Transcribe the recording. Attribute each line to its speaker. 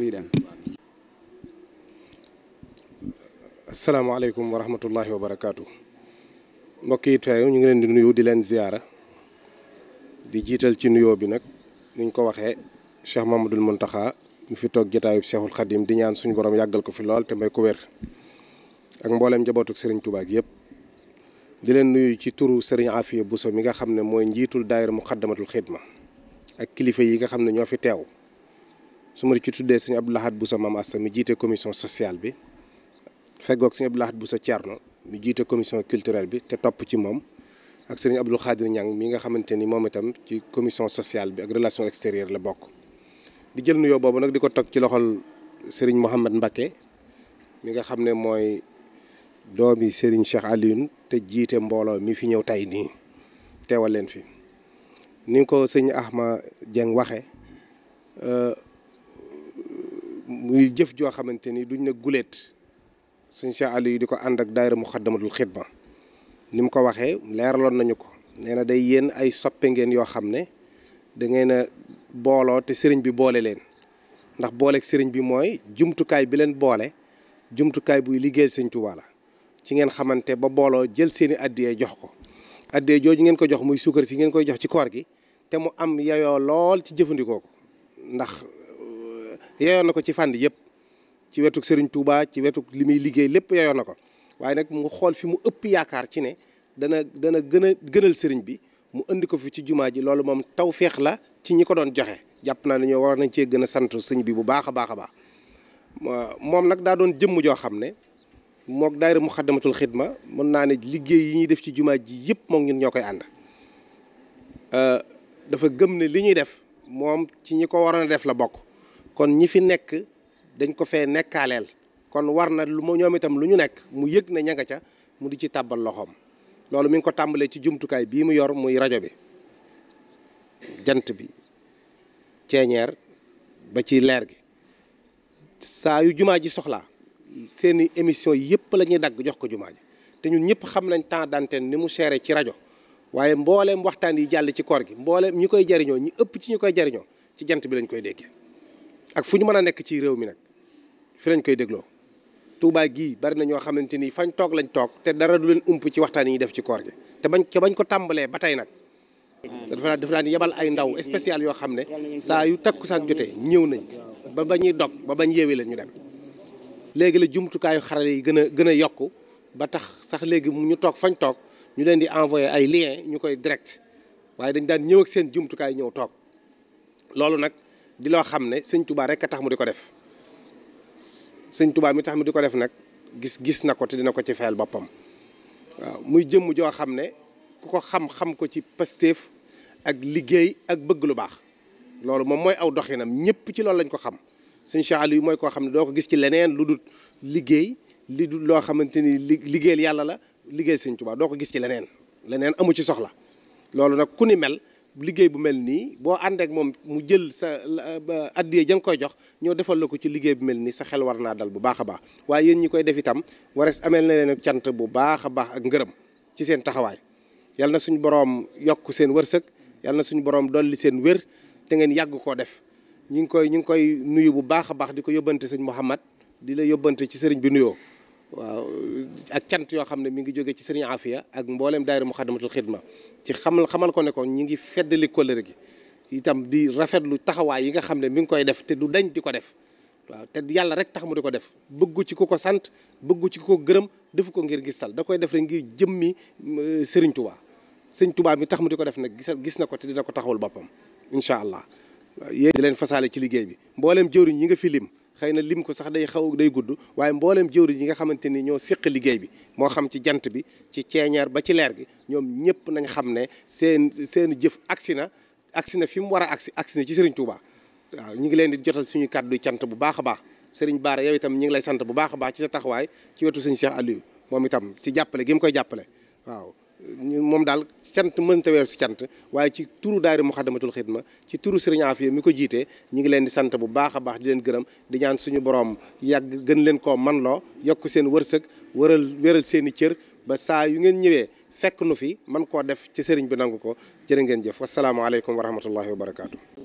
Speaker 1: duñu dem asalaamaaleykum wa barakaatu mbokk yi teew ñu ngi leen di nuyu di leen ziyaara di jiital ci nuyoo bi nag niñ ko waxee Cheikh Mamadul Muntaxa mu fi toog jataayub Cheikhul Xadim di ñaan suñu borom yàggal ko fi lool te may ko wér ak mbooleem njabootuk Serigne Touba gi yëpp di leen nuyu ci turu Serigne Afia Bousso mi nga xam ne mooy njiitul daayira Muxaddamatul Xidma ak kilifa yi nga xam ne ñoo fi teew su ma ci tuddee sëñ Abdou Lahad Boussa Mame Asta mi jiite commission sociale bi feggoog sëñ Abdou Lahad Boussa Thierno mi jiite commission culturelle bi te topp ci moom ak sëñ Abdou Khadir Niang mi nga xamante ni moom itam ci commission sociale bi ak relation extérieure la bokk. di jël nuyoo boobu nag di ko teg ci loxol sëriñ Mouhamed Mbacke mi nga xam ne mooy doomi sëriñ Cheikh Alioune te jiite mbooloo mi fi ñëw tey nii teewal leen fi ni ko sëñ Ahma Dieng waxe euh, muy jëf joo xamante ni duñ ne guleet suñ àll yi di ko ànd ak daayira Muxaddamatul Xidma ni mu ko waxee leeraloon nañu ko nee na day yéen ay soppe ngeen yoo xam ne da ngeen a booloo te sëriñ bi boole leen ndax booleeg sëriñ bi mooy jumtukaay bi leen boole jumtukaay buy liggéeyal sëñ Tuubaa ci ngeen xamante ba booloo jël seeni addiyee jox ko addiyee jooju ngeen ko jox muy suukar si ngeen koy jox ci koor gi te mu am yayoo lool ci jëfandikoo ko yeyoon na ko ci fànn yëpp ci wetu sëriñ Touba ci wetu li muy liggéey lépp yeyoon na ko waaye nag mu xool fi mu ëpp yaakaar ci ne dana dana gën a gënal sëriñ bi mu indi ko fi ci jumaa ji loolu moom tawféex la ci ñi ko doon joxe jàpp naa ne ñoo war nañ cee gën a sant sëñ bi bu baax a baax a baax moom nag daa doon jëmm joo xam ne mook daayira Muxaddamatul Xidma mën naa ne liggéey yi ñuy def ci jumaa ji yëpp moom ñun ñoo koy ànd euh, dafa gëm ne li ñuy def moom ci ñi ko waroon a def la bokk kon ñi fi nekk dañ ko fee nekkaaleel kon war na lu ma ñoom itam lu ñu nekk mu yëg ne ña nga ca mu di ci tàbbal loxoom loolu mi ngi ko tàmbalee ci jumtukaay bii mu yor muy rajo bi jant bi ceeñeer ba ci leer gi saa yu jumaa ji soxlaa seeni émission yëpp la ñuy dagg jox ko jumaa ji te ñun ñëpp xam nañ temps d'antenne ni mu seere ci rajo waaye mbooleem waxtaan yi jàll ci koor gi mbooleem ñi koy jariñoo ñi ëpp ci ñi koy jariñoo ci jant bi lañ koy déggee ak fu ñu mën a nekk ci réew mi nag fi lañ koy dégloo Touba gii bari na ñoo xamante ni fañ toog lañ toog te dara du leen ump ci waxtaan yi ñuy def ci koor gi te bañ ca bañ ko tàmbalee ba tey nag. dafa dafa daan yebal ay ndaw spécial yoo xam ne saa yu takku saak jotee ñëw nañ ba ba ñuy dog ba bañ yeewee lañu ñu dem léegi la jumtukaayu xarale yi gën a gën a yokk ba tax sax léegi mu ñu toog fañ toog ñu leen di envoyé ay lien ñu koy direct waaye dañ daan ñëw ak seen jumtukaay ñëw toog loolu nag. di loo xam ne sëñ tubaar rek a tax mu di ko def sëñ Touba mi tax mu di ko def nag gis gis na ko te dina ko ci fayal boppam waaw muy jëmm joo xam ne ku ko xam-xam ko ci Pastef ak liggéey ak bëgg lu baax loolu moom mooy aw doxinam ñëpp ci loolu lañ ko xam sëñ Cheikh yi mooy koo xam ne doo ko gis ci leneen lu dul liggéey li dul loo xamante ni liggéeyal yàlla la liggéey sëñ Touba doo ko gis ci leneen leneen amu ci soxla loolu nag ku ni mel liggéey bu mel nii boo àndeek moom mu jël sa addiye ja nga koy jox ñoo defal la ko ci liggéey bu mel nii sa xel war naa dal bu baax a baax waaye yéen ñi koy def itam warees ameel na leen ak cant bu baax a baax ak ngërëm ci seen taxawaay yal na suñu boroom yokk seen wërsëg yal na suñu boroom dolli seen wér te ngeen yàgg koo def ñu ngi koy ñu ngi koy nuyu bu baax a baax di ko yóbbante sëñ Mouhamad di la yóbbante ci sëriñ bi nuyoo waaw ak cant yoo xam ne mi ngi jóge ci sëriñ Afia ak mboolem daayira Muxaddamatul Xidma ci xamal xamal ko ne ko ñi ngi feddali kóllëre gi itam di rafetlu taxawaay yi nga xam ne mi ngi koy def te du dañ di ko def waaw te yàlla rek tax mu di ko def bëggu ci ku ko sant bëggu ci ku ko gërëm defu ko ngir sal da koy def rek ngir jëmmi euh, sëriñ Touba sëriñ Touba mi tax mu di ko def nag gisal gis na ko te dina ko taxawul boppam incha allah. yéen di leen fasaale ci liggéey bi mboolem jëwriñ ñi nga fi lim. xëy na lim ko sax day xaw day gudd waaye mbooleem jëwriñ yi nga xamante ni ñoo séq liggéey bi moo xam ci jant bi ci ceeñeer ba ci leer gi ñoom ñëpp nañ xam ne seen seen jëf agsi na agsi na fi mu war a agsi agsi na ci Serigne Touba waaw ñu ngi leen di jotal suñu kàddu cant bu baax a baax Serigne Bara yow itam ñu ngi lay sant bu baax a baax ci sa taxawaay ci wetu Serigne Cheikh Aliou moom itam ci jàppale gi koy jàppale waaw moom daal cant mënta si cant waaye ci turu daayira Muxaddamatul Xidma ci turu Sëriñ Afiya mi ko jiite ñu ngi leen di sant bu baax a baax di leen gërëm di ñaan suñu borom yàgg gën leen koo man loo yokk seen wërsëg wëral wëral seen i cër ba saa yu ngeen ñëwee fekk nu fi man koo def ci sëriñ bi nangu ko jërë ngeen jëf wasalaamaaleykum wa rahmatullahi wa barakaatu.